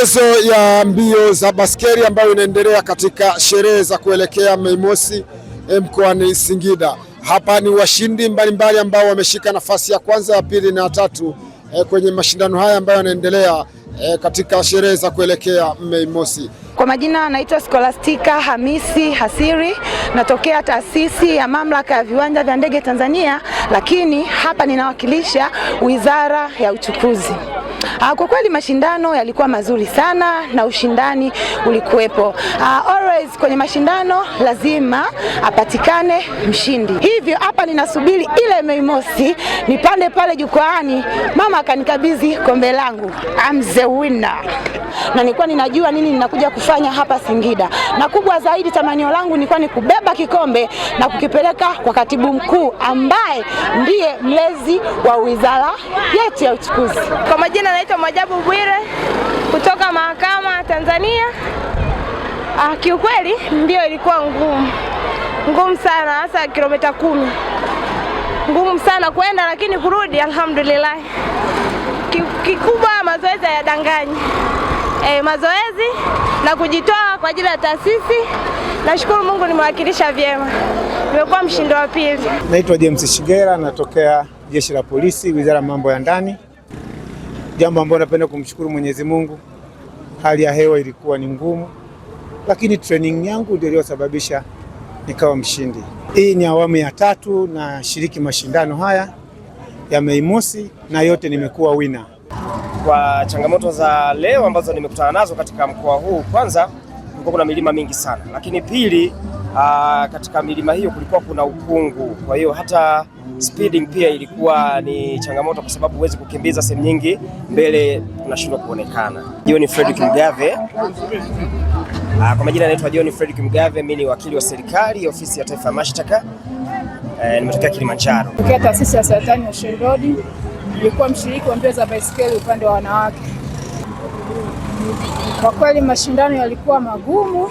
Michezo ya mbio za baskeli ambayo inaendelea katika sherehe za kuelekea Mei Mosi eh, mkoani Singida. Hapa ni washindi mbalimbali ambao wameshika nafasi ya kwanza, ya pili na ya tatu eh, kwenye mashindano haya ambayo yanaendelea eh, katika sherehe za kuelekea Mei Mosi. Kwa majina anaitwa Scholastica Hamisi Hasiri, natokea taasisi ya mamlaka ya viwanja vya ndege Tanzania, lakini hapa ninawakilisha wizara ya uchukuzi. Ah, kwa kweli mashindano yalikuwa mazuri sana na ushindani ulikuwepo. Ah, always kwenye mashindano lazima apatikane mshindi. Hivyo hapa ninasubiri ile Mei Mosi nipande pale jukwaani, mama akanikabidhi kombe langu. I'm the winner. Na nilikuwa ninajua nini ninakuja kufanya hapa Singida, na kubwa zaidi tamanio langu nilikuwa ni kubeba kikombe na kukipeleka kwa katibu mkuu ambaye ndiye mlezi wa wizara yetu ya uchukuzi. Kwa majina naitwa Majabu Bwire kutoka Mahakama Tanzania. Ah, kiukweli ndio ilikuwa ngumu ngumu sana, hasa kilomita kumi ngumu sana kwenda, lakini kurudi alhamdulillah. Kikubwa mazoezi hayadanganyi. E, mazoezi na kujitoa kwa ajili ya taasisi. Nashukuru Mungu nimewakilisha vyema, nimekuwa mshindi wa pili. Naitwa James Shigera, natokea Jeshi la Polisi, Wizara ya Mambo ya Ndani. Jambo ambalo napenda kumshukuru Mwenyezi Mungu, hali ya hewa ilikuwa ni ngumu lakini training yangu ndio iliyosababisha nikawa mshindi. Hii ni awamu ya tatu na shiriki mashindano haya ya Mei Mosi, na yote nimekuwa wina. Kwa changamoto za leo ambazo nimekutana nazo katika mkoa huu, kwanza kulikuwa kuna milima mingi sana, lakini pili aa, ah, katika milima hiyo kulikuwa kuna ukungu, kwa hiyo hata speeding pia ilikuwa ni changamoto, kwa sababu huwezi kukimbiza sehemu nyingi mbele, unashindwa kuonekana. Hiyo ni Fredrick Mgave. Uh, kwa majina anaitwa John Fredrick Mgave, mimi ni wakili wa serikali ofisi ya taifa ya mashtaka uh, nimetokea Kilimanjaro. Kwa taasisi ya saratani ya Shell Road, nilikuwa mshiriki wa mbio za baisikeli upande wa wanawake. Kwa kweli mashindano yalikuwa magumu,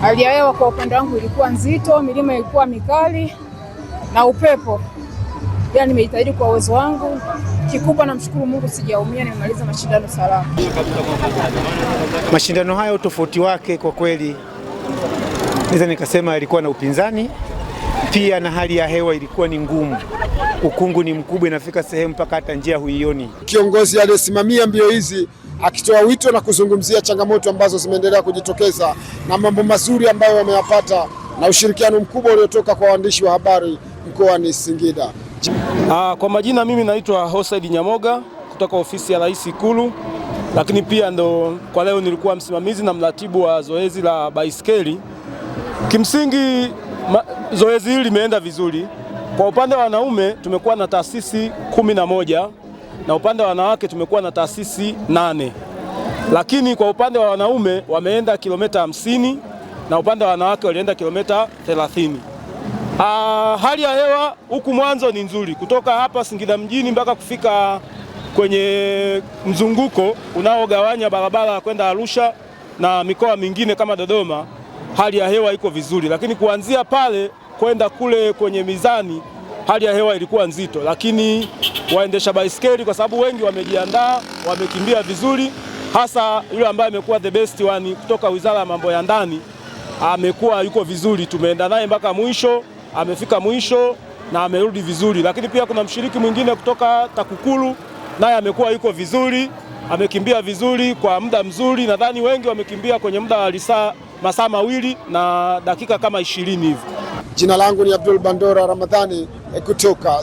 hali ya hewa kwa upande wangu ilikuwa nzito, milima ilikuwa mikali na upepo ila nimejitahidi kwa uwezo wangu. Kikubwa namshukuru Mungu, sijaumia, nimemaliza mashindano salama. Mashindano hayo utofauti wake kwa kweli, naweza nikasema yalikuwa na upinzani pia, na hali ya hewa ilikuwa ni ngumu, ukungu ni mkubwa, inafika sehemu mpaka hata njia huioni. Kiongozi aliyesimamia mbio hizi akitoa wito na kuzungumzia changamoto ambazo zimeendelea kujitokeza na mambo mazuri ambayo wameyapata na ushirikiano mkubwa uliotoka kwa waandishi wa habari mkoani Singida. Ah, kwa majina mimi naitwa Hosaid Nyamoga kutoka ofisi ya Rais Ikulu, lakini pia ndo kwa leo nilikuwa msimamizi na mratibu wa zoezi la baiskeli. Kimsingi ma, zoezi hili limeenda vizuri. Kwa upande wa wanaume tumekuwa na taasisi kumi na moja na upande wa wanawake tumekuwa na taasisi nane, lakini kwa upande wa wanaume wameenda kilomita hamsini na upande wa wanawake walienda kilomita thelathini. Uh, hali ya hewa huku mwanzo ni nzuri, kutoka hapa Singida mjini mpaka kufika kwenye mzunguko unaogawanya barabara kwenda Arusha na mikoa mingine kama Dodoma, hali ya hewa iko vizuri, lakini kuanzia pale kwenda kule kwenye mizani hali ya hewa ilikuwa nzito, lakini waendesha baisikeli kwa sababu wengi wamejiandaa, wamekimbia vizuri, hasa yule ambaye amekuwa the best one kutoka Wizara ya Mambo ya Ndani amekuwa yuko vizuri, tumeenda naye mpaka mwisho amefika mwisho na amerudi vizuri, lakini pia kuna mshiriki mwingine kutoka TAKUKURU naye amekuwa yuko vizuri, amekimbia vizuri kwa muda mzuri. Nadhani wengi wamekimbia kwenye muda wa lisaa masaa mawili na dakika kama ishirini hivi. Jina langu ni Abdul Bandora Ramadhani kutoka